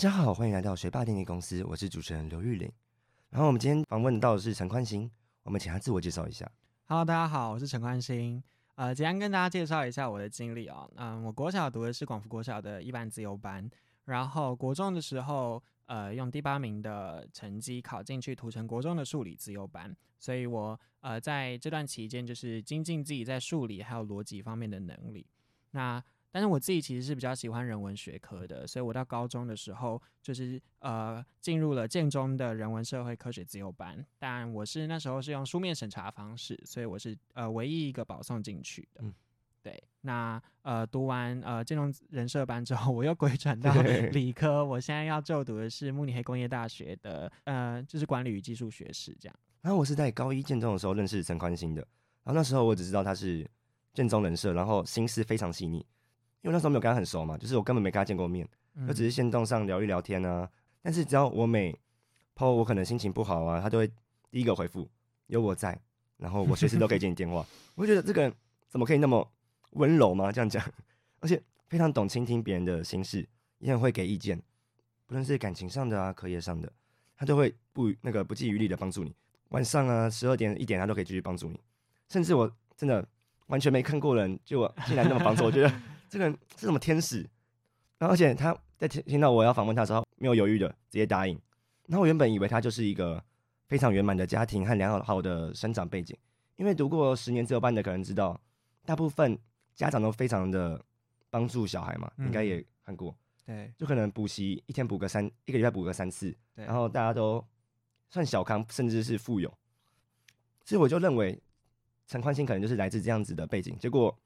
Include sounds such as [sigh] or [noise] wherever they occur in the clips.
大家好，歡迎來到學霸電力公司，我是主持人劉玉玲。然後我們今天訪問到的是陳寬昕，我們請他自我介紹一下。哈嘍，大家好，我是陳寬昕。呃，簡單跟大家介紹一下我的經歷啊、哦。嗯、呃，我國小讀的是廣福國小的一般資優班，然後國中的時候，呃，用第八名的成績考進去土城國中的數理資優班，所以我呃在這段期間就是精進自己在數理還有邏輯方面的能力。那但是我自己其實是比較喜歡人文學科的，所以我到高中的時候就是呃進入了建中的人文社會科學資優班。但我是那時候是用書面審查方式，所以我是呃唯一一個保送進去的。嗯。對，那呃讀完呃建中人社班之後，我又回轉到理科。我現在要就讀的是慕尼黑工業大學的呃就是管理與技術學士這樣。然後、啊、我是在高一建中的時候認識陳寬昕的。然後那時候我只知道他是建中人社，然後心思非常細膩。因為那時候沒有跟他很熟嘛，就是我根本沒跟他見過面，就只是線動上聊一聊天啊。但是只要我每 po 我可能心情不好啊，他都會第一個回復，有我在，然後我隨時都可以接你電話。 [laughs] 我覺得這個人怎麼可以那麼溫柔嗎？這樣講，而且非常懂傾聽別人的心事，也很會給意見，不論是感情上的啊、課業上的，他都會不那個不遺餘力的幫助你。晚上啊，十二點一點他都可以繼續幫助你，甚至我真的完全沒看過人就我竟然那麼幫助，我覺得。 [laughs] 這個人是什麼天使？然後，而且他在聽聽到我要訪問他之後，沒有猶豫的直接答應。然後，我原本以為他就是一個非常圓滿的家庭和良好好的生長背景，因為讀過十年資優班的可能知道，大部分家長都非常的幫助小孩嘛，應該也看過、嗯，對，就可能補習一天補個三，一個禮拜補個三次，然後大家都算小康甚至是富有，所以我就認為陳寬昕可能就是來自這樣子的背景，結果。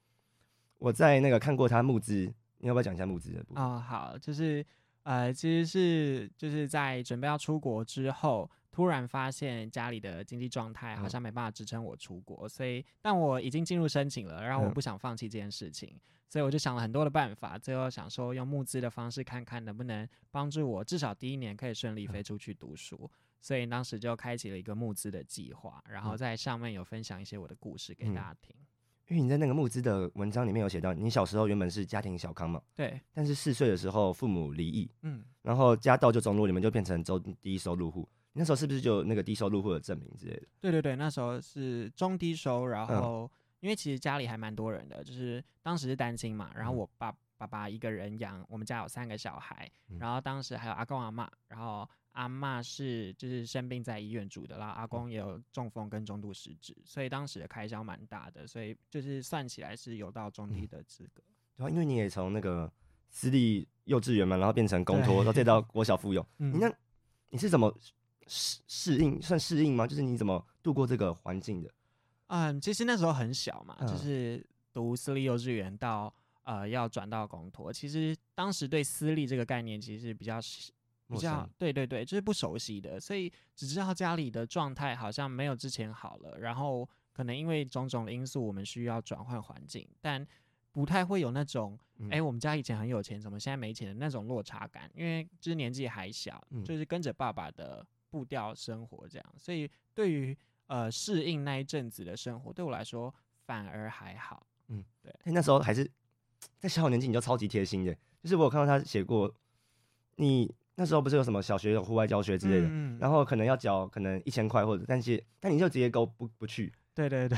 我在那個看過他募資，你要不要講一下募資的啊？Oh, 好，就是呃，其實是就是在準備要出國之後，突然發現家裡的經濟狀態好像沒辦法支撐我出國，嗯、所以但我已經進入申請了，然後我不想放棄這件事情、嗯，所以我就想了很多的辦法，最後想說用募資的方式看看能不能幫助我，至少第一年可以順利飛出去讀書，嗯、所以當時就開啟了一個募資的計劃，然後在上面有分享一些我的故事給大家聽。嗯因為你在那個募資的文章裡面有寫到，你小時候原本是家庭小康嘛，對，但是四歲的時候父母離異，嗯，然後家道就中落，你們就變成中低收入戶。你那時候是不是就那個低收入戶的證明之類的？對對對，那時候是中低收，然後、嗯、因為其實家裡還蠻多人的，就是當時是單親嘛，然後我爸、嗯、爸爸一個人養，我們家有三個小孩，然後當時還有阿公阿媽，然後。阿嬤是就是生病在醫院住的，然後阿公也有中風跟中度失智，嗯，所以當時的開銷蠻大的，所以就是算起來是有到中低的資格。嗯、對、啊，因為你也從那個私立幼稚園嘛，然後變成公托，然後再到國小附幼，嗯，你那你是怎麼適適應算適應嗎？就是你怎麼度過這個環境的？嗯，其實那時候很小嘛，就是讀私立幼稚園到、嗯、呃要轉到公托，其實當時對私立這個概念其實比較。比較對對對，就是不熟悉的，所以只知道家裡的狀態好像沒有之前好了，然後可能因為種種因素，我們需要轉換環境，但不太會有那種哎、嗯欸，我們家以前很有錢，怎麼現在沒錢的那種落差感，因為就是年紀還小，就是跟着爸爸的步調生活這樣，所以對於呃適應那一陣子的生活，對我來說反而還好，嗯，對，那時候還是在小小年紀你就超級貼心的，就是我有看到他寫過你。那時候不是有什麼小學有戶外教學之類的？嗯、然後可能要繳可能一千塊或者，但是，但你就直接勾不不去。對對對，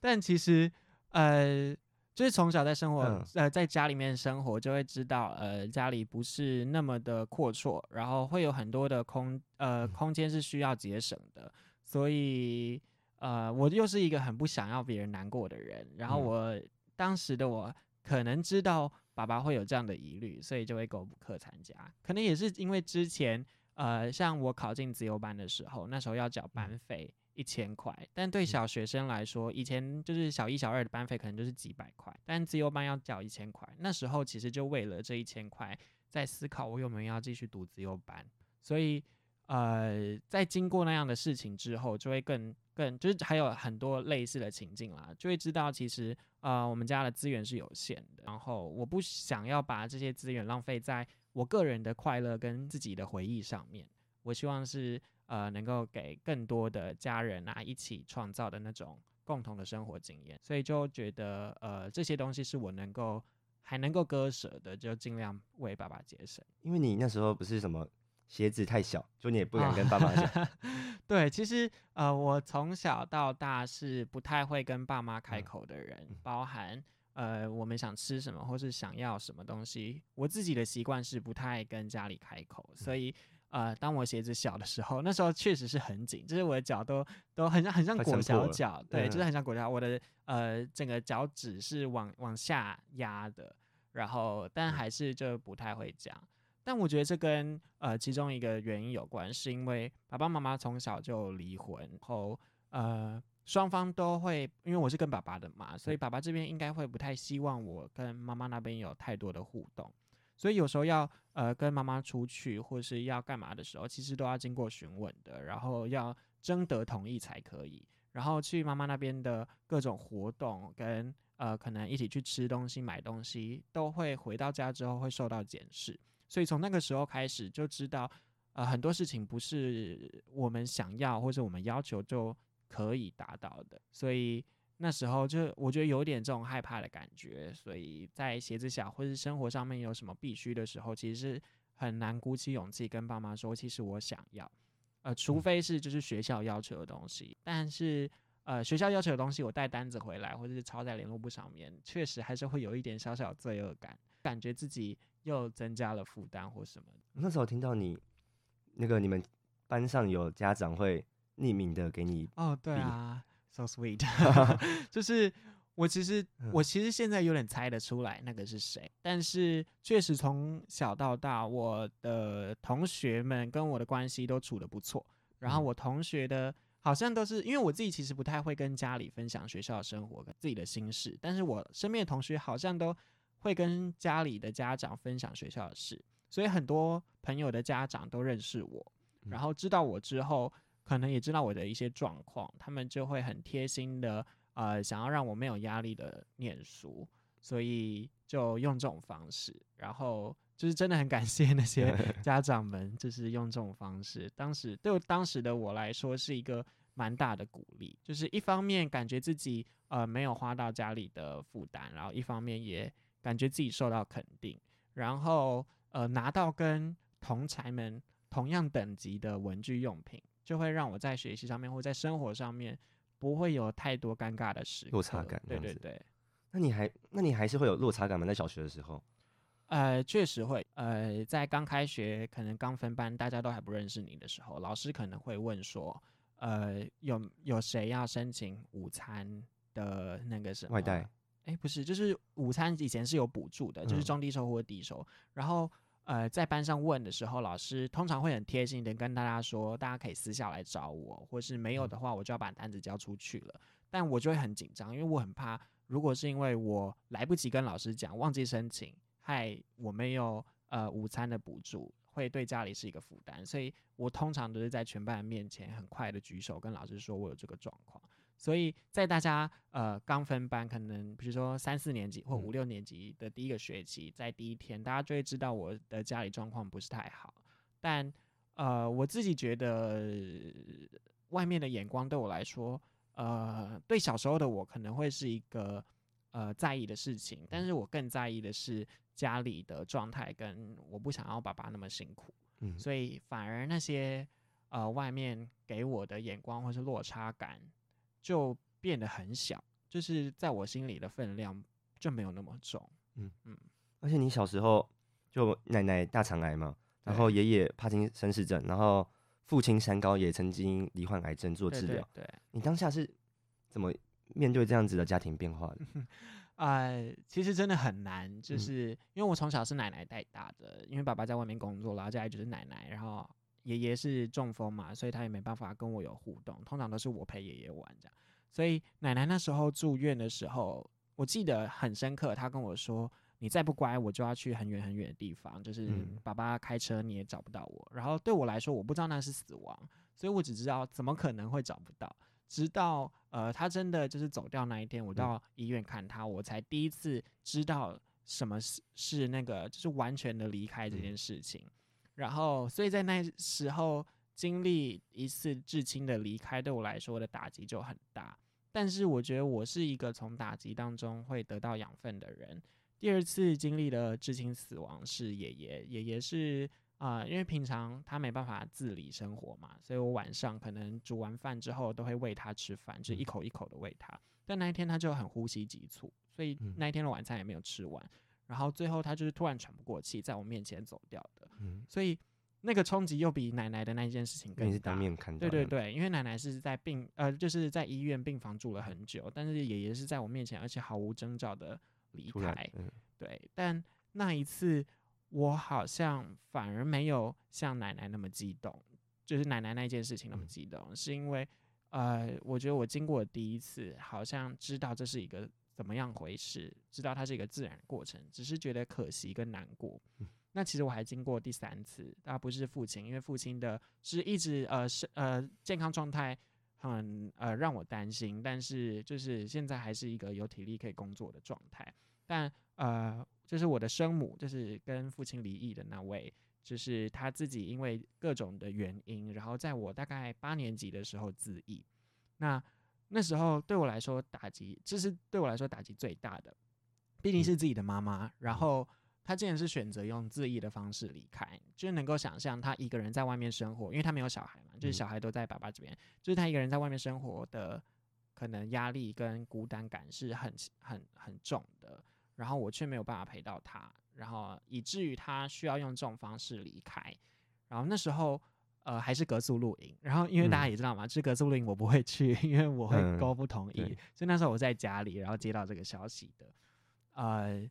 但其實呃，就是從小在生活，嗯、呃在家裡面生活，就會知道呃家裡不是那麼的闊綽，然後會有很多的空呃空間是需要節省的，所以呃我又是一個很不想要別人難過的人，然後我、嗯、當時的我可能知道。爸爸會有這樣的疑慮，所以就會勾不克參加。可能也是因為之前，呃，像我考進資優班的時候，那時候要繳班費一千塊，嗯，但對小學生來說，以前就是小一、小二的班費可能就是幾百塊，但資優班要繳一千塊。那時候其實就為了這一千塊，在思考我有沒有要繼續讀資優班。所以，呃，在經過那樣的事情之後，就會更。更就是還有很多類似的情境啦，就會知道其實呃我們家的資源是有限的，然後我不想要把這些資源浪費在我個人的快樂跟自己的回憶上面，我希望是呃能夠給更多的家人啊一起創造的那種共同的生活經驗，所以就覺得呃這些東西是我能夠還能夠割捨的，就盡量為爸爸節省。因為你那時候不是什麼鞋子太小，就你也不敢跟爸爸講？哦 [laughs] 對，其實呃，我從小到大是不太會跟爸媽開口的人，嗯、包含呃，我們想吃什麼或是想要什麼東西，我自己的習慣是不太跟家裡開口，所以呃，當我鞋子小的時候，那時候確實是很緊，就是我的腳都都很像很像裹小腳，對，就是很像裹腳，我的呃整個腳趾是往往下壓的，然後但還是就不太會講。但我覺得這跟呃其中一個原因有關，是因為爸爸媽媽從小就離婚，然後，呃，雙方都會，因為我是跟爸爸的嘛，所以爸爸這邊應該會不太希望我跟媽媽那邊有太多的互動，所以有時候要呃跟媽媽出去或是要幹嘛的時候，其實都要經過詢問的，然後要徵得同意才可以，然後去媽媽那邊的各種活動跟呃可能一起去吃東西、買東西，都會回到家之後會受到檢視。所以從那個時候開始就知道，呃，很多事情不是我們想要或者我們要求就可以達到的。所以那時候就我覺得有點這種害怕的感覺。所以在鞋子小或是生活上面有什麼必須的時候，其實是很難鼓起勇氣跟爸媽說，其實我想要，呃，除非是就是學校要求的東西。嗯。但是，呃，學校要求的東西，我帶單子回來或者是抄在聯絡簿上面，確實還是會有一點小小罪惡感，感覺自己。又增加了負擔或什麼？那時候聽到你那個你們班上有家長會匿名的給你哦，oh, 對啊，so sweet， [laughs] [laughs] [laughs] 就是我其實我其實現在有點猜得出來那個是誰，但是確實從小到大，我的同學們跟我的關係都處得不錯，然後我同學的好像都是、嗯、因為我自己其實不太會跟家裡分享學校生活跟自己的心事，但是我身邊的同學好像都。會跟家裡的家長分享學校的事，所以很多朋友的家長都認識我，然後知道我之後，可能也知道我的一些狀況，他們就會很貼心的，呃，想要讓我沒有壓力的念書，所以就用這種方式，然後就是真的很感謝那些家長們，就是用這種方式， [laughs] 當時對當時的我來說是一個蠻大的鼓勵，就是一方面感覺自己呃沒有花到家裡的負擔，然後一方面也。感覺自己受到肯定，然後呃拿到跟同儕們同樣等級的文具用品，就會讓我在學習上面或在生活上面不會有太多尷尬的事，落差感，對對對。那你還，那你還是會有落差感嗎？在小學的時候？呃，確實會。呃，在剛開學，可能剛分班，大家都還不認識你的時候，老師可能會問說，呃，有有誰要申請午餐的那個什麼？外帶？哎、欸，不是，就是午餐以前是有補助的，就是中低收或低收、嗯。然後，呃，在班上問的時候，老師通常會很貼心的跟大家說，大家可以私下來找我，或是沒有的話，我就要把單子交出去了、嗯。但我就會很緊張，因為我很怕，如果是因為我來不及跟老師講，忘記申請，害我沒有呃午餐的補助，會對家裡是一個負擔。所以我通常都是在全班的面前，很快的舉手跟老師說我有這個狀況。所以在大家呃剛分班，可能比如說三四年級或五六年級的第一個學期，嗯、在第一天，大家就會知道我的家裡狀況不是太好。但呃，我自己覺得外面的眼光對我來說，呃，對小時候的我可能會是一個呃在意的事情。但是我更在意的是家裡的狀態，跟我不想要爸爸那麼辛苦。嗯，所以反而那些呃外面給我的眼光或是落差感，就變得很小，就是在我心裡的分量就沒有那麼重。嗯嗯。而且你小時候就奶奶大腸癌嘛，然後爺爺帕金森氏症，然後父親三高也曾經罹患癌症做治療。對，對,對。你當下是怎麼面對這樣子的家庭變化的？哎、 [laughs] 呃，其實真的很難，就是、嗯、因為我從小是奶奶帶大的，因為爸爸在外面工作，然後家裡就是奶奶，然後。爺爺是中風嘛，所以他也沒辦法跟我有互動。通常都是我陪爺爺玩這樣。所以奶奶那時候住院的時候，我記得很深刻。她跟我說：“你再不乖，我就要去很遠很遠的地方，就是爸爸開車你也找不到我。”嗯，然後對我來說，我不知道那是死亡，所以我只知道怎麼可能會找不到。直到呃，他真的就是走掉那一天，我到醫院看他，我才第一次知道什麼是是那個就是完全的離開這件事情。嗯然後，所以在那時候經歷一次至親的離開，對我來說的打擊就很大。但是我覺得我是一個從打擊當中會得到養分的人。第二次經歷的至親死亡是爺爺，爺爺是啊、呃，因為平常他沒辦法自理生活嘛，所以我晚上可能煮完飯之後都會餵他吃飯、嗯，就一口一口的餵他。但那一天他就很呼吸急促，所以那一天的晚餐也沒有吃完。嗯嗯然後最後他就是突然喘不過氣，在我面前走掉的，嗯、所以那個衝擊又比奶奶的那件事情更大。對對對，因為奶奶是在病呃，就是在醫院病房住了很久，但是爺爺是在我面前，而且毫無徵兆的離開、嗯。對，但那一次我好像反而沒有像奶奶那麼激動，就是奶奶那件事情那麼激動，嗯、是因為呃，我覺得我經過第一次，好像知道這是一個。怎麼樣回事？知道它是一個自然的過程，只是覺得可惜跟難過。嗯、那其實我還經過第三次，啊，不是父親，因為父親的是一直呃是呃健康狀態很呃讓我擔心，但是就是現在還是一個有體力可以工作的狀態。但呃，就是我的生母，就是跟父親離異的那位，就是他自己因為各種的原因，然後在我大概八年級的時候自縊。那那時候對我來說打擊，這是對我來說打擊最大的，畢竟是自己的媽媽、嗯。然後她竟然是選擇用自縊的方式離開，就能夠想象她一個人在外面生活，因為她沒有小孩嘛，就是小孩都在爸爸這邊、嗯，就是她一個人在外面生活的可能壓力跟孤單感是很很很重的。然後我卻沒有辦法陪到她，然後以至於她需要用這種方式離開。然後那時候。呃，還是隔宿露營，然後因為大家也知道嘛，這、嗯、隔宿露營我不會去，因為我會勾不同意、嗯，所以那時候我在家裡，然後接到這個消息的，呃，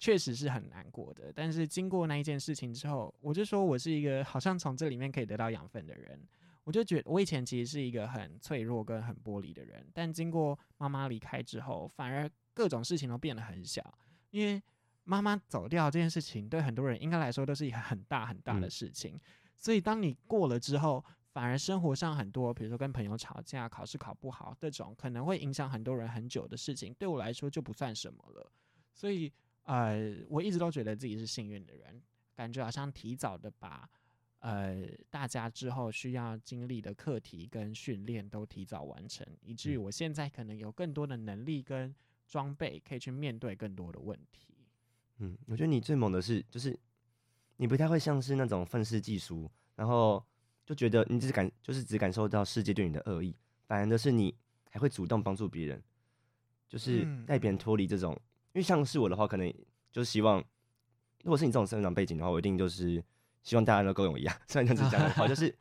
確實是很難過的。但是經過那一件事情之後，我就說我是一個好像從這裡面可以得到養分的人，我就覺得我以前其實是一個很脆弱跟很玻璃的人，但經過媽媽離開之後，反而各種事情都變得很小，因為媽媽走掉這件事情對很多人應該來說都是一個很大很大的事情。嗯所以，當你過了之後，反而生活上很多，比如說跟朋友吵架、考試考不好這種，可能會影響很多人很久的事情，對我來說就不算什麼了。所以，呃，我一直都覺得自己是幸運的人，感覺好像提早的把，呃，大家之後需要經歷的課題跟訓練都提早完成，以至於我現在可能有更多的能力跟裝備可以去面對更多的問題。嗯，我覺得你最猛的是就是。你不太會像是那種憤世嫉俗，然後就覺得你只感，就是只感受到世界對你的惡意，反而的是你還會主動幫助別人，就是帶別人脫離這種。因為像是我的話，可能就是希望，如果是你這種生長背景的話，我一定就是希望大家能夠跟我一樣，雖然這樣子講不好，oh、就是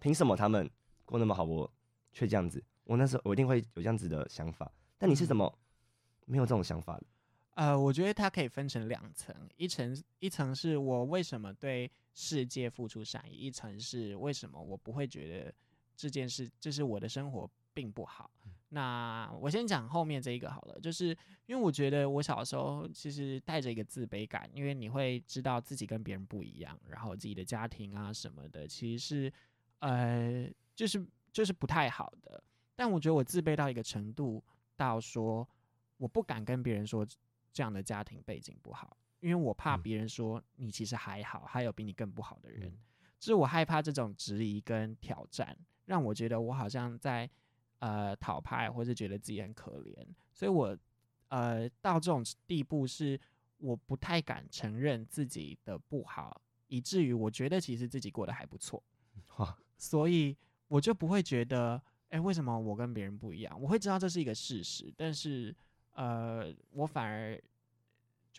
憑什麼他們過那麼好，我卻這樣子？我那時候我一定會有這樣子的想法。但你是怎麼沒有這種想法的？呃，我覺得它可以分成兩層，一層一層是我為什麼對世界付出善意，一層是為什麼我不會覺得這件事，這、就是我的生活並不好。那我先講後面這一個好了，就是因為我覺得我小時候其實帶着一個自卑感，因為你會知道自己跟別人不一樣，然後自己的家庭啊什麼的，其實是呃，就是就是不太好的。但我覺得我自卑到一個程度，到說我不敢跟別人說。這樣的家庭背景不好，因為我怕別人說你其實還好，還有比你更不好的人。就、嗯、是我害怕這種質疑跟挑戰，讓我覺得我好像在呃討拍，或是覺得自己很可憐。所以我呃到這種地步，是我不太敢承認自己的不好，以至於我覺得其實自己過得還不錯，啊。所以我就不會覺得哎、欸、為什麼我跟別人不一樣？我會知道這是一個事實，但是。呃，我反而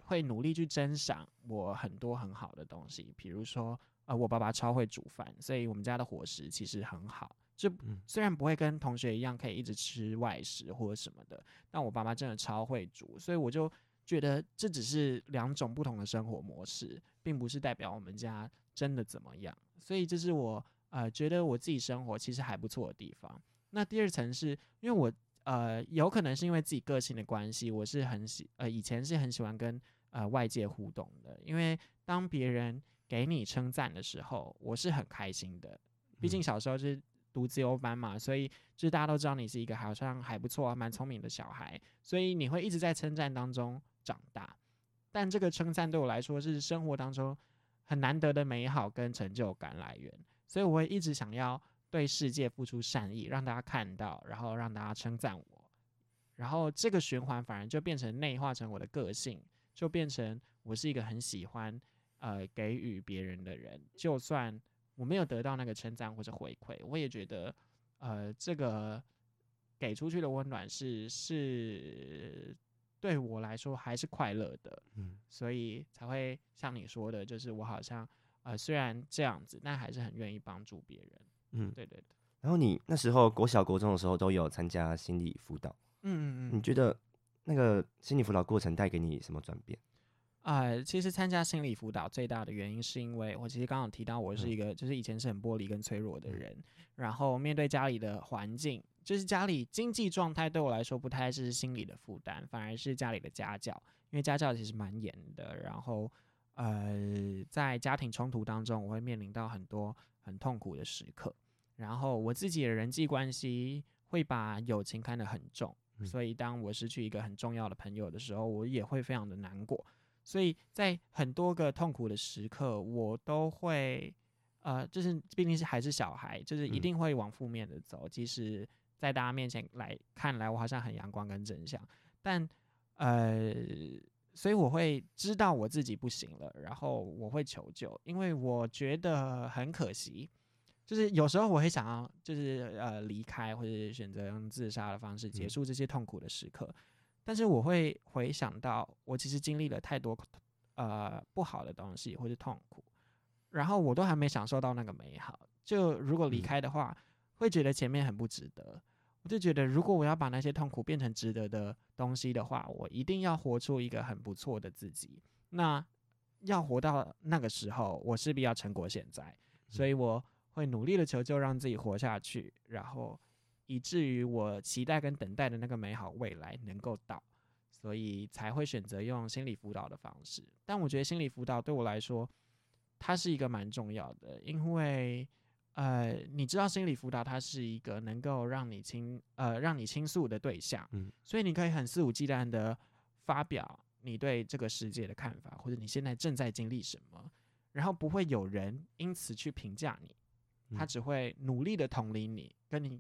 會努力去珍賞我很多很好的東西，比如說，呃，我爸爸超會煮飯，所以我們家的伙食其實很好。就雖然不會跟同學一樣可以一直吃外食或者什麼的，但我爸媽真的超會煮，所以我就覺得這只是兩種不同的生活模式，並不是代表我們家真的怎麼樣。所以這是我呃覺得我自己生活其實還不錯的地方。那第二層是因為我。呃，有可能是因為自己個性的關係，我是很喜，呃，以前是很喜歡跟呃外界互動的，因為當別人給你稱讚的時候，我是很開心的。畢竟小時候是讀資優班嘛，所以就是大家都知道你是一個好像還不錯、啊、蠻聰明的小孩，所以你會一直在稱讚當中長大。但這個稱讚對我來說是生活當中很難得的美好跟成就感來源，所以我會一直想要。對世界付出善意，讓大家看到，然後讓大家稱讚我，然後這個循環反而就變成內化成我的個性，就變成我是一個很喜歡呃給予別人的人。就算我沒有得到那個稱讚或者回饋，我也覺得呃這個給出去的溫暖是是對我來說還是快樂的。嗯，所以才會像你說的，就是我好像呃雖然這樣子，但還是很願意幫助別人。嗯，對對對。然後你那時候國小、國中的時候都有參加心理輔導，嗯嗯嗯。你覺得那個心理輔導過程帶給你什麼轉變？啊，呃，其實參加心理輔導最大的原因是因為我其實剛剛有提到我是一個，就是以前是很玻璃跟脆弱的人，嗯。然後面對家裡的環境，就是家裡經濟狀態對我來說不太是心理的負擔，反而是家裡的家教，因為家教其實蠻嚴的。然後呃，在家庭衝突當中，我會面臨到很多，很痛苦的時刻，然後我自己的人際關係會把友情看得很重，嗯，所以當我失去一個很重要的朋友的時候，我也會非常的難過。所以在很多個痛苦的時刻，我都會，呃，就是畢竟是還是小孩，就是一定會往負面的走。其、嗯、實在大家面前來看來，我好像很陽光跟正向，但呃。所以我會知道我自己不行了，然後我會求救，因為我覺得很可惜，就是有時候我會想要，就是呃離開或者選擇用自殺的方式結束這些痛苦的時刻，嗯、但是我會回想到我其實經歷了太多呃不好的東西或是痛苦，然後我都還沒享受到那個美好，就如果離開的話，嗯，會覺得前面很不值得。我就覺得，如果我要把那些痛苦變成值得的東西的話，我一定要活出一個很不錯的自己。那要活到那個時候，我勢必要成果現在，所以我會努力的求救，讓自己活下去，然後以至於我期待跟等待的那個美好未來能夠到，所以才會選擇用心理輔導的方式。但我覺得心理輔導對我來說，它是一個蠻重要的，因為。呃，你知道心理輔導它是一個能夠讓你傾呃讓你傾訴的對象，嗯，所以你可以很肆無忌憚的發表你對這個世界的看法，或者你現在正在經歷什麼，然後不會有人因此去評價你，他只會努力的同理你，跟你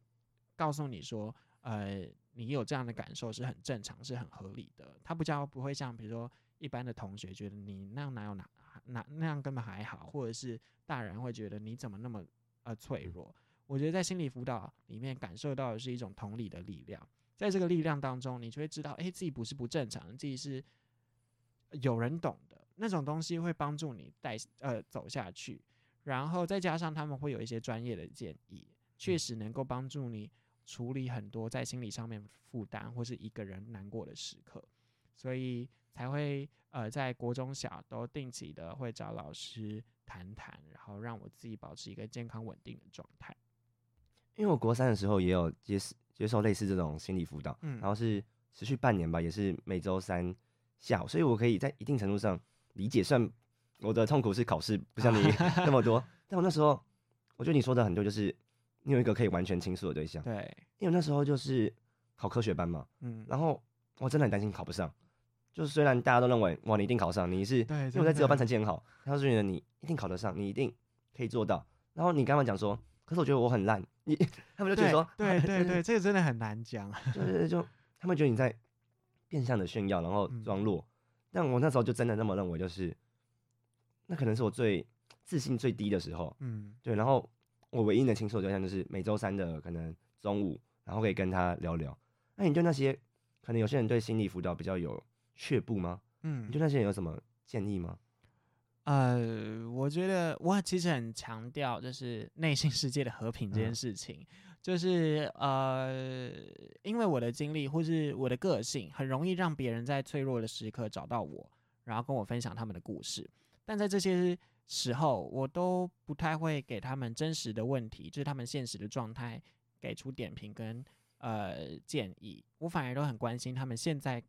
告訴你說，呃，你有這樣的感受是很正常，是很合理的，他不教，不會像比如說一般的同學覺得你那樣哪有哪哪那樣根本還好，或者是大人會覺得你怎麼那麼。呃，脆弱。我覺得在心理輔導裡面感受到的是一種同理的力量，在這個力量當中，你就會知道，誒，自己不是不正常，自己是有人懂的那種東西，會幫助你帶呃走下去。然後再加上他們會有一些專業的建議，確實能夠幫助你處理很多在心理上面負擔或是一個人難過的時刻，所以才會呃在國中小都定期的會找老師談談，然後讓我自己保持一個健康穩定的狀態。因為我國三的時候也有接接受類似這種心理輔導，嗯，然後是持續半年吧，也是每週三下午，所以我可以在一定程度上理解，算我的痛苦是考試不像你那 [laughs] 麼多。但我那時候，我覺得你說的很多就是你有一個可以完全傾訴的對象，對、嗯，因為我那時候就是考科學班嘛，嗯，然後我真的很擔心考不上。就是雖然大家都認為哇，你一定考上，你是因為在資優班成績很好，對對對，他們就覺得你一定考得上，你一定可以做到。然後你剛剛講說，可是我覺得我很爛，你他們就覺得說，對、啊、對，對對，這個真的很難講。就是對對對對對對對對，就是、對對對 [laughs] 他們覺得你在變相的炫耀，然後裝弱、嗯。但我那時候就真的那麼認為，就是那可能是我最自信最低的時候。嗯，對。然後我唯一的傾訴對象就是每周三的可能中午，然後可以跟他聊聊。那你對那些可能有些人對心理輔導比較有。卻步嗎？嗯，你對那些人有什麼建議嗎？嗯、呃，我覺得我其實很強調就是內心世界的和平這件事情。嗯、就是呃，因為我的經歷或是我的個性，很容易讓別人在脆弱的時刻找到我，然後跟我分享他們的故事。但在這些時候，我都不太會給他們真實的問題，就是他們現實的狀態，給出點評跟呃建議。我反而都很關心他們現在。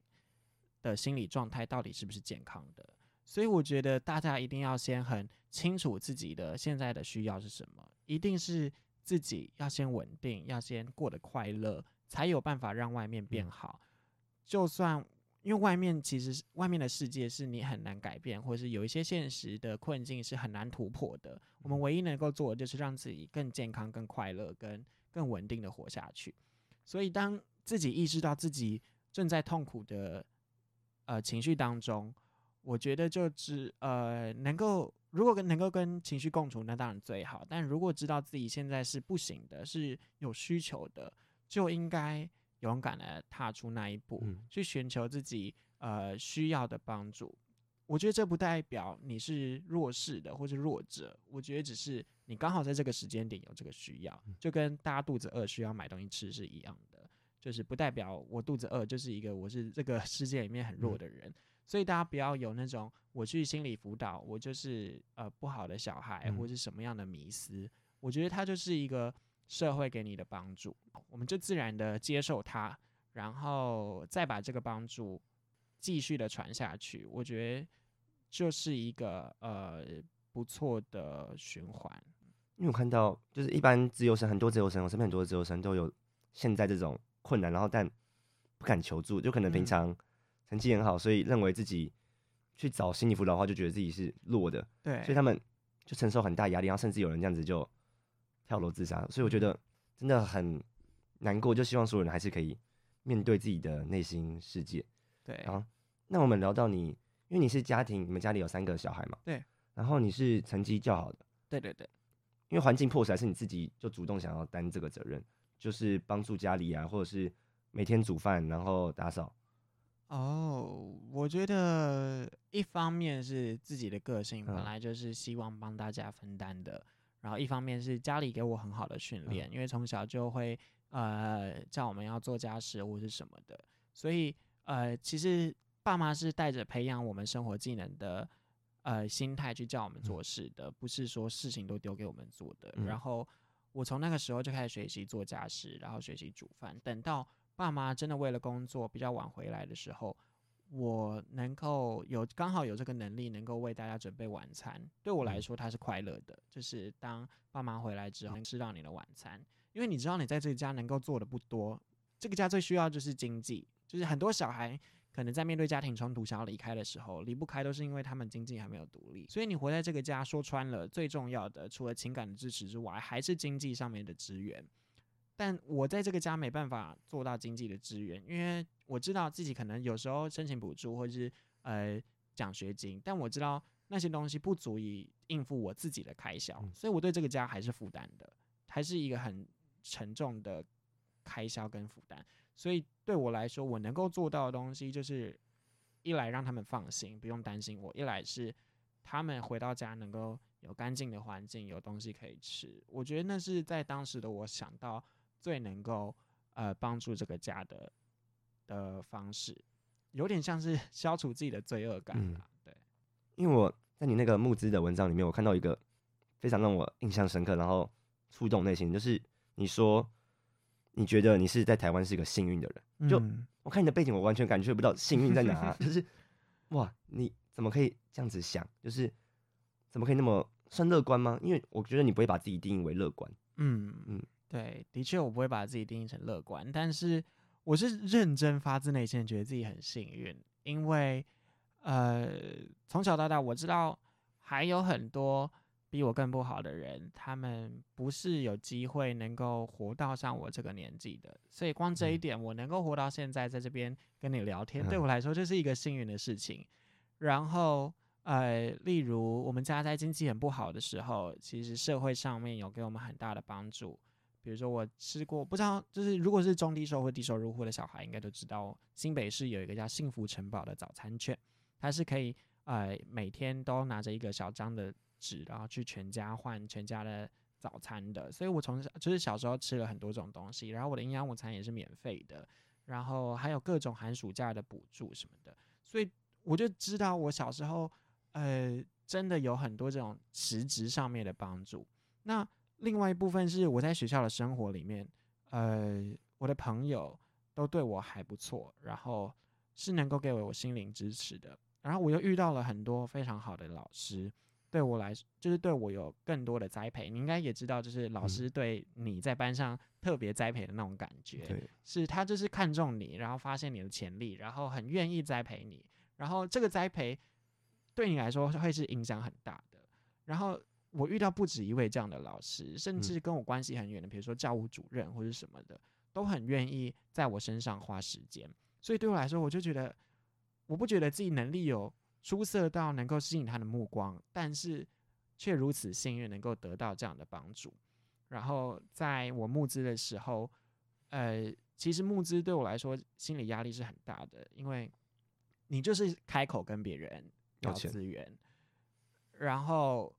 的心理狀態到底是不是健康的？所以我覺得大家一定要先很清楚自己的現在的需要是什麼，一定是自己要先穩定，要先過得快樂，才有辦法讓外面變好。嗯、就算因為外面其實外面的世界是你很難改變，或者是有一些現實的困境是很難突破的，我們唯一能夠做的就是讓自己更健康、更快樂、跟更穩定的活下去。所以當自己意識到自己正在痛苦的。呃，情緒當中，我覺得就只呃能夠，如果跟能夠跟情緒共處，那當然最好。但如果知道自己現在是不行的，是有需求的，就應該勇敢的踏出那一步，嗯、去尋求自己呃需要的幫助。我覺得這不代表你是弱勢的或是弱者，我覺得只是你剛好在這個時間點有這個需要，就跟大家肚子餓需要買東西吃是一樣的。就是不代表我肚子餓，就是一個我是這個世界裡面很弱的人，嗯、所以大家不要有那種我去心理輔導，我就是呃不好的小孩或者是什麼樣的迷思，嗯。我覺得它就是一個社會給你的幫助，我們就自然的接受它，然後再把這個幫助繼續的傳下去。我覺得就是一個呃不錯的循環。因為我看到就是一般資優生很多資優生，我身邊很多資優生都有現在這種。困難，然後但不敢求助，就可能平常成績很好，嗯，所以認為自己去找心理輔導的話，就覺得自己是弱的，對，所以他們就承受很大壓力，然後甚至有人這樣子就跳樓自殺。所以我覺得真的很難過，就希望所有人還是可以面對自己的內心世界。對，然後那我們聊到你，因為你是家庭，你們家裡有三個小孩嘛？對。然後你是成績較好的。對對對。因為環境迫使，還是你自己就主動想要擔這個責任？就是幫助家裡啊，或者是每天煮飯然後打掃。哦、oh，我覺得一方面是自己的個性，嗯、本來就是希望幫大家分擔的。然後一方面是家裡給我很好的訓練、嗯，因為從小就會呃叫我們要做家事或者什麼的。所以呃，其實爸媽是帶着培養我們生活技能的呃心態去教我們做事的、嗯，不是說事情都丟給我們做的。嗯、然後。我從那個時候就開始學習做家事，然後學習煮飯。等到爸媽真的為了工作比較晚回來的時候，我能夠有剛好有這個能力，能夠為大家準備晚餐，對我來說它是快樂的。就是當爸媽回來之後，能吃到你的晚餐，因為你知道你在這家能夠做的不多，這個家最需要就是經濟，就是很多小孩，可能在面對家庭衝突想要離開的時候，離不開都是因為他們經濟還沒有獨立。所以你活在這個家，說穿了最重要的，除了情感的支持之外，還是經濟上面的支援。但我在這個家沒辦法做到經濟的支援，因為我知道自己可能有時候申請補助或是呃獎學金，但我知道那些東西不足以應付我自己的開銷，所以我對這個家還是負擔的，還是一個很沉重的開銷跟負擔。所以對我來說，我能夠做到的東西就是，一來讓他們放心，不用擔心我；一來是他們回到家能夠有乾淨的環境，有東西可以吃。我覺得那是在當時的我想到最能夠呃幫助這個家的的方式，有點像是消除自己的罪惡感啦，嗯，對。因為我在你那個募資的文章裡面，我看到一個非常讓我印象深刻，然後觸動內心，就是你說。你覺得你是在台灣是一個幸運的人？就我看你的背景，我完全感覺不到幸運在哪。嗯、就是哇，你怎麼可以這樣子想？就是怎麼可以那麼算樂觀嗎？因為我覺得你不會把自己定義為樂觀。嗯嗯，對，的確我不會把自己定義成樂觀，但是我是認真發自內心的覺得自己很幸運，因為呃從小到大我知道還有很多。比我更不好的人，他們不是有機會能夠活到像我這個年紀的，所以光這一點，嗯，我能夠活到現在，在這邊跟你聊天，對我來說就是一個幸運的事情。嗯。然後，呃，例如我們家在經濟很不好的時候，其實社會上面有給我們很大的幫助。比如說，我吃過，不知道，就是如果是中低收或低收入戶的小孩，應該都知道，新北市有一個叫幸福城堡的早餐券，它是可以，呃，每天都拿着一個小張的。紙，然後去全家換全家的早餐的。所以我從小就是小時候吃了很多種東西，然後我的營養午餐也是免費的，然後還有各種寒暑假的補助什麼的，所以我就知道我小時候，呃，真的有很多這種實質上面的幫助。那另外一部分是我在學校的生活裡面，呃，我的朋友都對我還不錯，然後是能夠給我我心靈支持的，然後我又遇到了很多非常好的老師。對我來，就是對我有更多的栽培。你應該也知道，就是老師對你在班上特別栽培的那種感覺，嗯 okay。是他就是看中你，然後發現你的潛力，然後很願意栽培你。然後這個栽培對你來說會是影響很大的。然後我遇到不止一位這樣的老師，甚至跟我關係很遠的，比如說教務主任或者什麼的，都很願意在我身上花時間。所以對我來說，我就覺得，我不覺得自己能力有。出色到能夠吸引他的目光，但是卻如此幸運能夠得到這樣的幫助。然後在我募資的時候，呃，其實募資對我來說心理壓力是很大的，因為你就是開口跟別人要資源有，然後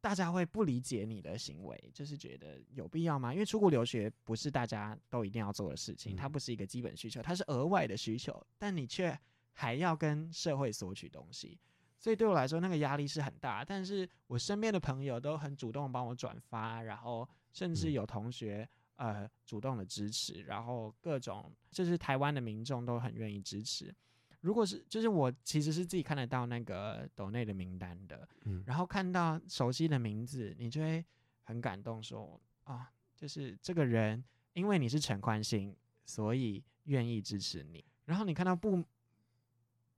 大家會不理解你的行為，就是覺得有必要嗎？因為出國留學不是大家都一定要做的事情，嗯、它不是一個基本需求，它是額外的需求，但你卻。還要跟社會索取東西，所以對我來說那個壓力是很大。但是我身邊的朋友都很主動幫我轉發，然後甚至有同學、嗯、呃主動的支持，然後各種就是台灣的民眾都很願意支持。如果是就是我其實是自己看得到那個鬥內的名單的、嗯，然後看到熟悉的名字，你就會很感動說，說啊，就是這個人因為你是陳寬昕，所以願意支持你。然後你看到不。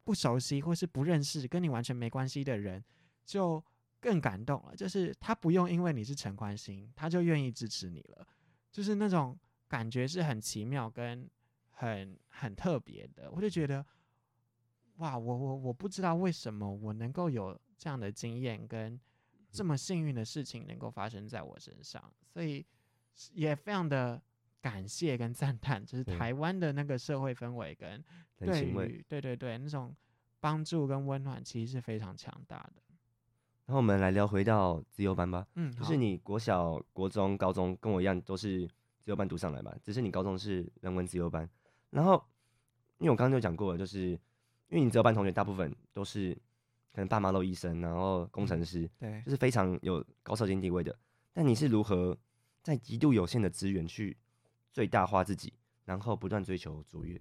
不熟悉或是不認識、跟你完全沒關係的人，就更感動了。就是他不用因為你是陳寬昕，他就願意支持你了。就是那種感覺是很奇妙跟很很特別的。我就覺得，哇，我我我不知道為什麼我能夠有這樣的經驗跟這麼幸運的事情能夠發生在我身上，所以也非常的。感謝跟讚嘆，就是台灣的那個社會氛圍跟對，對對對對那種幫助跟溫暖，其實是非常強大的。然後我們來聊回到資優班吧。嗯，就是你國小、國中、高中跟我一樣都是資優班讀上來嘛，只是你高中是人文資優班。然後，因為我剛剛就講過了，就是因為你資優班同學大部分都是可能爸媽都醫生、然後工程師，嗯、對，就是非常有高社經地位的。但你是如何在極度有限的資源去？最大化自己，然後不斷追求卓越，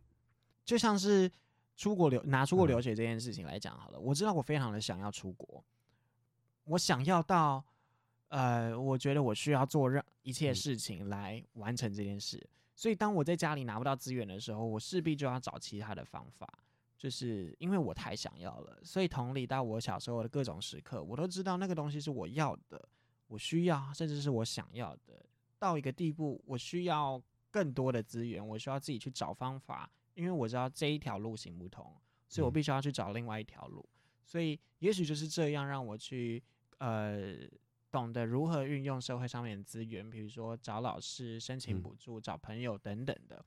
就像是出國留拿出國留學這件事情來講好了，嗯。我知道我非常的想要出國，我想要到，呃，我覺得我需要做任一切事情來完成這件事。嗯，所以當我在家裡拿不到資源的時候，我勢必就要找其他的方法，就是因為我太想要了。所以同理到我小時候的各種時刻，我都知道那個東西是我要的，我需要，甚至是我想要的。到一個地步，我需要。更多的資源，我需要自己去找方法，因為我知道這一條路行不通，所以我必須要去找另外一條路，嗯。所以也許就是這樣讓我去呃懂得如何運用社會上面的資源，比如說找老師、申請補助、嗯、找朋友等等的。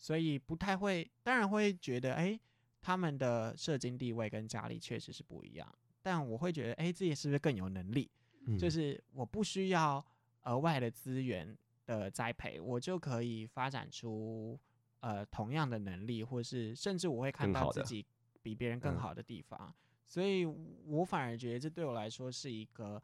所以不太會，當然會覺得哎、欸、他們的社經地位跟家裡確實是不一樣，但我會覺得哎、欸、自己是不是更有能力？嗯、就是我不需要額外的資源的栽培，我就可以發展出呃同樣的能力，或是甚至我會看到自己比別人更好的地方的、嗯，所以我反而覺得這對我來說是一個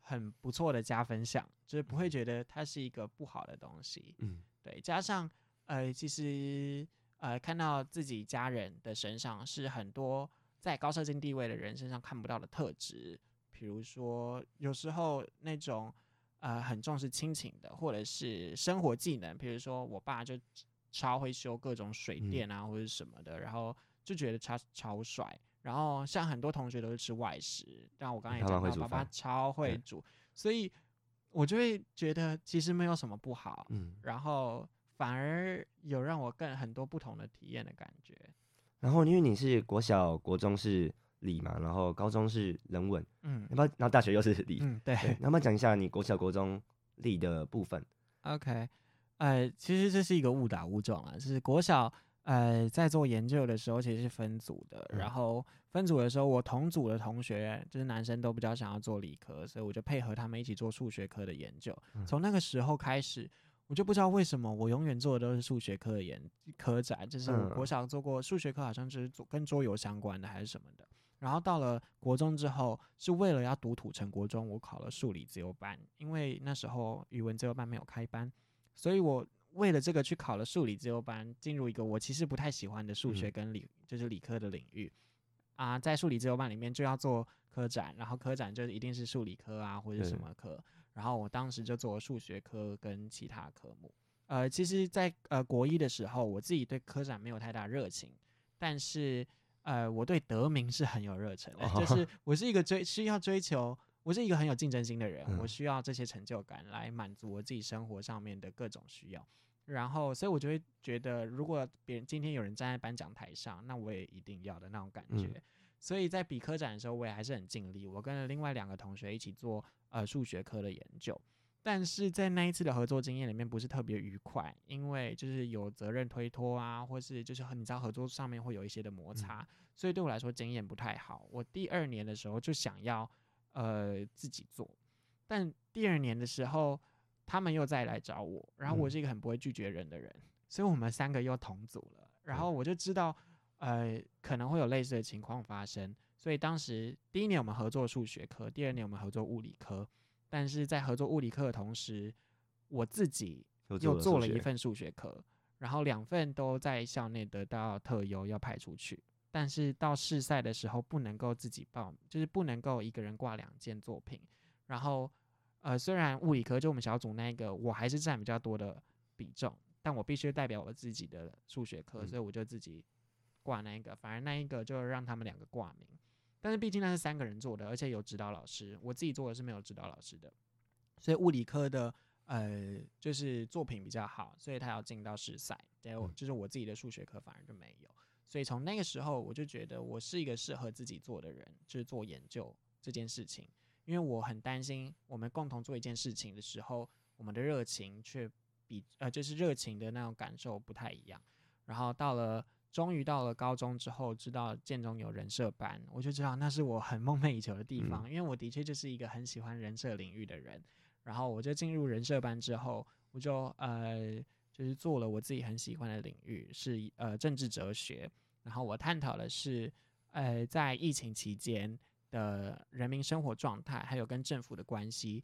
很不錯的加分項，就是不會覺得它是一個不好的東西。嗯，對，加上呃，其實呃，看到自己家人的身上是很多在高社經地位的人身上看不到的特質，比如說有時候那種。呃，很重視親情的，或者是生活技能，比如說我爸就超會修各種水電啊，或者什麼的，嗯，然後就覺得超超帥。然後像很多同學都是吃外食，但我剛才也講，爸爸超會煮，嗯，所以我就會覺得其實沒有什麼不好，嗯，然後反而有讓我更很多不同的體驗的感覺。然後因為你是國小、國中是理嘛，然後高中是人文，嗯，要不然後大學又是理，嗯，對，能不能講一下你國小、國中理的部分？OK，呃，其實這是一個誤打誤撞啊，就是國小呃在做研究的時候其實是分組的，嗯、然後分組的時候，我同組的同學就是男生都比較想要做理科，所以我就配合他們一起做數學科的研究。嗯、從那個時候開始，我就不知道為什麼我永遠做的都是數學科的研科展，就是我想做過數學科，好像就是跟桌遊相關的還是什麼的。然後到了國中之後，是為了要讀土城國中，我考了數理資優班，因為那時候語文資優班沒有開班，所以我為了這個去考了數理資優班，進入一個我其實不太喜歡的數學跟理，就是理科的領域。嗯、啊，在數理資優班裡面就要做科展，然後科展就是一定是數理科啊或者什麼科，嗯，然後我當時就做數學科跟其他科目。呃，其實在，在呃國一的時候，我自己對科展沒有太大熱情，但是，呃，我對得名是很有熱忱的，就是我是一個追需要追求，我是一個很有競爭心的人，嗯，我需要這些成就感來滿足我自己生活上面的各種需要，然後所以我就會覺得，如果別人今天有人站在頒獎台上，那我也一定要的那種感覺。嗯。所以在比科展的時候，我也還是很盡力，我跟另外兩個同學一起做呃數學科的研究。但是在那一次的合作經驗裡面不是特別愉快，因為就是有責任推脫啊，或是就是和你知道合作上面會有一些的摩擦，所以對我來說經驗不太好。我第二年的時候就想要呃自己做，但第二年的時候他們又再來找我，然後我是一個很不會拒絕人的人，所以我們三個又同組了。然後我就知道呃可能會有類似的情況發生，所以當時第一年我們合作數學科，第二年我們合作物理科。但是在合作物理課的同時，我自己又做了一份數學課，然後兩份都在校內得到特優要派出去。但是到試賽的時候不能夠自己報，就是不能夠一個人掛兩件作品。然後，呃，雖然物理課就我們小組那個我還是佔比較多的比重，但我必須代表我自己的數學課，嗯，所以我就自己掛那一個，反而那一個就讓他們兩個掛名。但是畢竟那是三個人做的，而且有指導老師，我自己做的是沒有指導老師的，所以物理科的呃就是作品比較好，所以他要進到市賽。對，就是我自己的數學科反而就沒有，所以從那個時候我就覺得我是一個適合自己做的人，就是做研究這件事情。因為我很擔心我們共同做一件事情的時候，我們的熱情卻比呃就是熱情的那種感受不太一樣，然後到了。終於到了高中之後，知道建中有人社班，我就知道那是我很夢寐以求的地方，嗯、因為我的確就是一個很喜歡人社領域的人。然後我就進入人社班之後，我就呃就是做了我自己很喜歡的領域，是呃政治哲學。然後我探討的是，呃在疫情期間的人民生活狀態，還有跟政府的關係，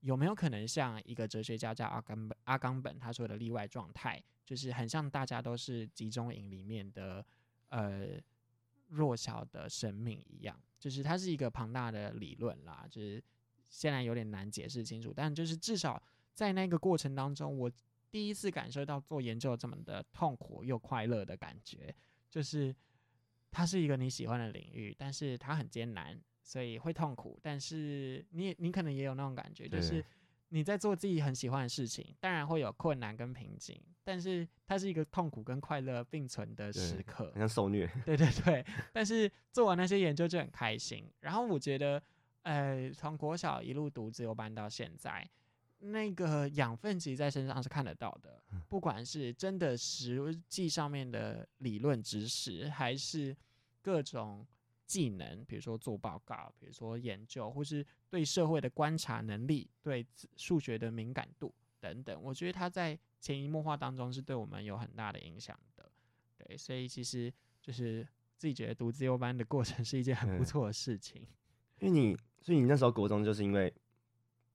有沒有可能像一個哲學家叫阿甘阿岡本他說的例外狀態。就是很像大家都是集中營裡面的呃弱小的生命一樣，就是它是一個龐大的理論啦，就是現在有點難解釋清楚，但就是至少在那個過程當中，我第一次感受到做研究這麼的痛苦又快樂的感覺，就是它是一個你喜歡的領域，但是它很艱難，所以會痛苦，但是你也你可能也有那種感覺，就是。你在做自己很喜歡的事情，當然會有困難跟瓶頸，但是它是一個痛苦跟快樂並存的時刻，很像受虐。對對對，但是做完那些研究就很開心。 [laughs] 然後我覺得，呃，從國小一路讀資優班到現在，那個養分其實在身上是看得到的，不管是真的實際上面的理論知識，還是各種。技能，比如說做報告，比如說研究，或是對社會的觀察能力，對數學的敏感度等等，我覺得他在潛移默化當中是對我們有很大的影響的。對，所以其實就是自己覺得讀資優班的過程是一件很不錯的事情。嗯、因為你所以你那時候國中就是因為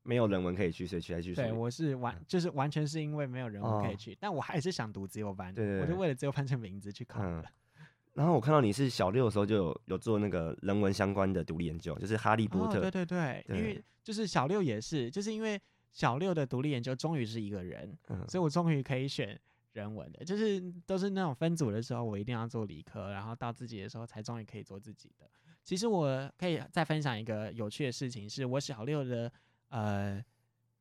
沒有人文可以去，所以去去去。對，我是完就是完全是因為沒有人文可以去，哦、但我還是想讀資優班。對,對,對，我就為了資優班這名字去考然後我看到你是小六的時候就有有做那個人文相關的獨立研究，就是哈利波特。哦，對對對，對，因為就是小六也是，就是因為小六的獨立研究終於是一個人，嗯，所以我終於可以選人文的，就是都是那種分組的時候，我一定要做理科，然後到自己的時候才終於可以做自己的。其實我可以再分享一個有趣的事情，是我小六的呃。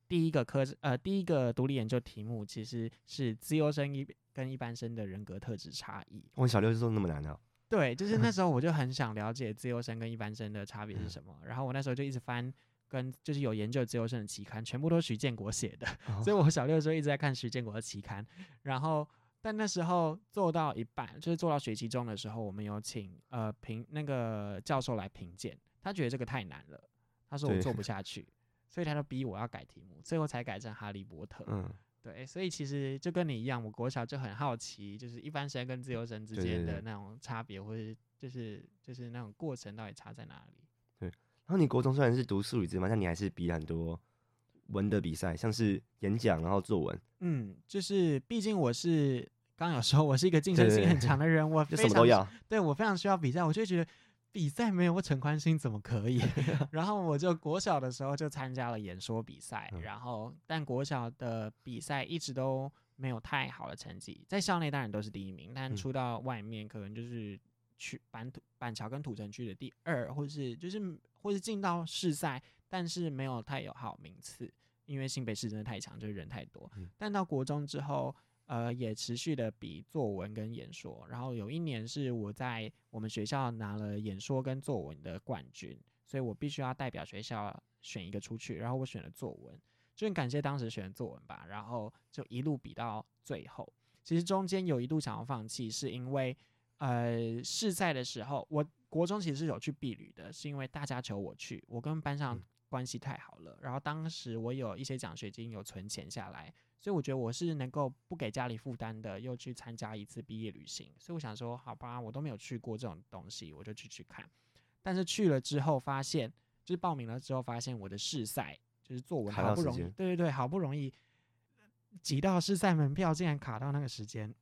第一個科呃，第一個獨立研究題目其實是資優生一跟一般生的人格特質差異。我小六就做那麼難的？對，就是那時候我就很想了解資優生跟一般生的差別是什麼，嗯，然後我那時候就一直翻跟就是有研究資優生的期刊，全部都是徐建國寫的，哦，所以我小六就一直在看徐建國的期刊。然後，但那時候做到一半，就是做到學期中的時候，我們有請呃評那個教授來評鑑，他覺得這個太難了，他說我做不下去。所以他就逼我要改題目，最後才改成《哈利波特》。嗯，對，所以其實就跟你一樣，我國小就很好奇，就是一般生跟資優生之間的那種差別，或是就是就是那種過程到底差在哪裡？對，然後你國中雖然是讀數理資嘛，但你還是比很多文的比賽，像是演講然後作文。嗯，就是畢竟我是剛有說我是一個競爭性很強的人，對對對，我非常就什麼都要。對，我非常需要比賽，我就會覺得，比賽沒有我陳寬昕怎麼可以？ [laughs] 然後我就國小的時候就參加了演說比賽，嗯、然後但國小的比賽一直都沒有太好的成績，在校內當然都是第一名，但出到外面可能就是去板土板橋跟土城區的第二，或是就是或是進到市賽，但是沒有太有好名次，因為新北市真的太強，就是人太多。嗯、但到國中之後，呃，也持續的比作文跟演說，然後有一年是我在我們學校拿了演說跟作文的冠軍，所以我必須要代表學校選一個出去，然後我選了作文，就很感謝當時選作文吧，然後就一路比到最後，其實中間有一度想要放棄，是因為呃，市賽的時候，我國中其實是有去畢旅的，是因為大家求我去，我跟班上關係太好了，嗯、然後當時我有一些獎學金有存錢下來，所以我覺得我是能夠不給家裡負擔的，又去參加一次畢業旅行。所以我想說，好吧，我都沒有去過這種東西，我就去去看。但是去了之後發現，就是報名了之後發現我的試賽就是作文，好不容易，對對對，好不容易，擠到試賽門票竟然卡到那個時間，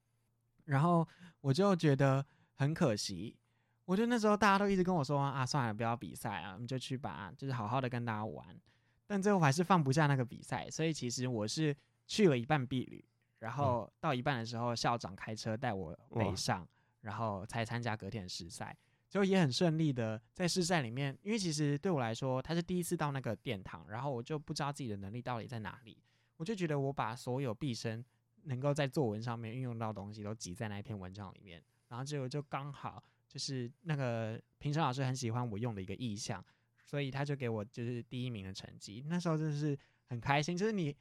然後我就覺得很可惜。我覺得那時候大家都一直跟我說啊，啊算了，不要比賽啊，我們就去吧，就是好好的跟大家玩。但最後還是放不下那個比賽，所以其實我是。去了一半畢旅，然後到一半的時候，校長開車帶我北上，然後才參加隔天的試賽，就也很順利的在試賽裡面，因為其實對我來說，他是第一次到那個殿堂，然後我就不知道自己的能力到底在哪裡，我就覺得我把所有畢生能夠在作文上面運用到的東西都擠在那一篇文章裡面，然後結果就剛好就是那個評審老師很喜歡我用的一個意象，所以他就給我就是第一名的成績，那時候真的是很開心，就是你。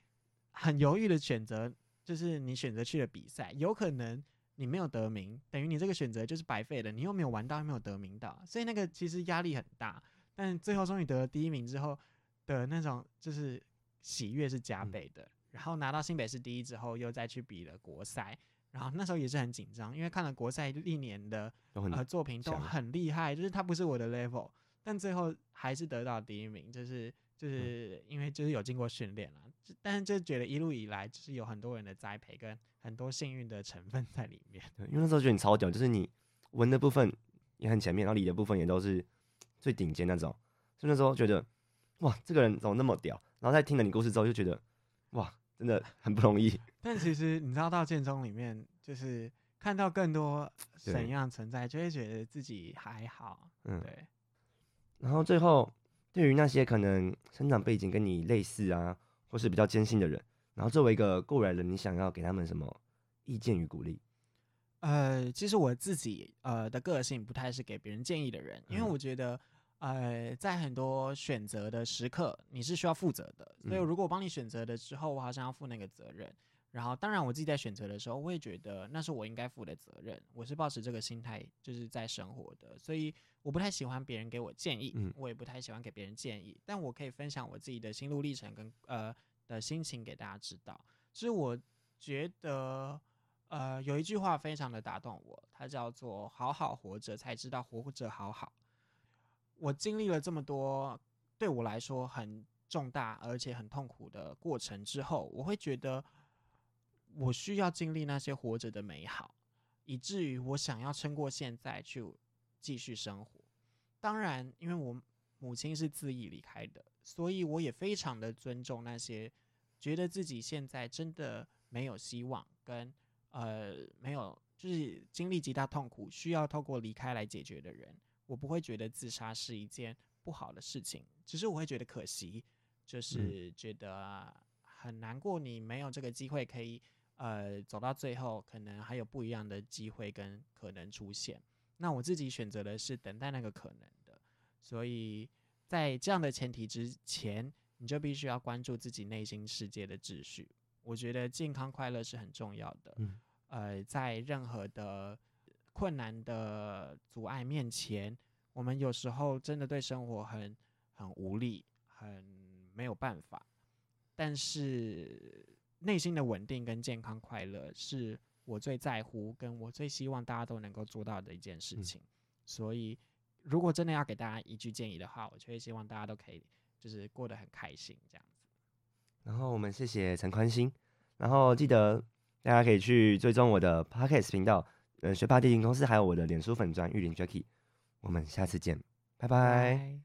很猶豫的選擇，就是你選擇去了比賽，有可能你沒有得名，等於你這個選擇就是白費的，你又沒有玩到，又沒有得名到，所以那個其實壓力很大。但最後終於得了第一名之後的那種，就是喜悅是加倍的、嗯。然後拿到新北市第一之後，又再去比了國賽，然後那時候也是很緊張，因為看了國賽歷年的呃作品都很厲害，就是他不是我的 level，但最後還是得到第一名，就是就是因為就是有經過訓練了、啊。嗯但是就覺得一路以來就是有很多人的栽培跟很多幸運的成分在裡面、嗯。對，因為那時候覺得你超屌，就是你文的部分也很前面，然後理的部分也都是最頂尖那種，所以那時候覺得哇，這個人怎麼那麼屌？然後在聽了你故事之後，就覺得哇，真的很不容易 [laughs] 。但其實你知道，到建中裡面就是看到更多神樣存在，就會覺得自己還好。嗯，對。然後最後，對於那些可能生長背景跟你類似啊。或是比較艱辛的人，然後作為一個過來人，你想要給他們什麼意見與鼓勵？呃，其實我自己呃的個性不太是給別人建議的人，因為我覺得，嗯、呃，在很多選擇的時刻，你是需要負責的，所以如果我幫你選擇的時候，我好像要負那個責任。嗯然後，當然，我自己在選擇的時候，我也覺得那是我應該負的責任。我是抱持這個心態，就是在生活的，所以我不太喜歡別人給我建議，我也不太喜歡給別人建議，但我可以分享我自己的心路歷程跟呃的心情給大家知道。所以我覺得，呃，有一句話非常的打動我，它叫做“好好活着，才知道活着好好”。我經歷了這麼多對我來說很重大而且很痛苦的過程之後，我會覺得。我需要經歷那些活着的美好，以至於我想要撐過現在去繼續生活。當然，因為我母親是自縊離開的，所以我也非常的尊重那些覺得自己現在真的沒有希望跟呃沒有就是經歷極大痛苦需要透過離開來解決的人。我不會覺得自殺是一件不好的事情，只是我會覺得可惜，就是覺得、啊、很難過，你沒有這個機會可以。呃，走到最後，可能還有不一樣的機會跟可能出現。那我自己選擇的是等待那個可能的，所以在這樣的前提之前，你就必須要關注自己內心世界的秩序。我覺得健康快樂是很重要的。嗯。呃，在任何的困難的阻礙面前，我們有時候真的對生活很很無力，很沒有辦法。但是。內心的穩定跟健康快樂是我最在乎，跟我最希望大家都能夠做到的一件事情，嗯。所以，如果真的要給大家一句建議的話，我就會希望大家都可以就是過得很開心這樣子。然後我們謝謝陳寬昕，然後記得大家可以去追蹤我的 podcast 頻道，呃，學霸電影公司，還有我的臉書粉專玉林 Jackie。我們下次見，拜拜。拜拜。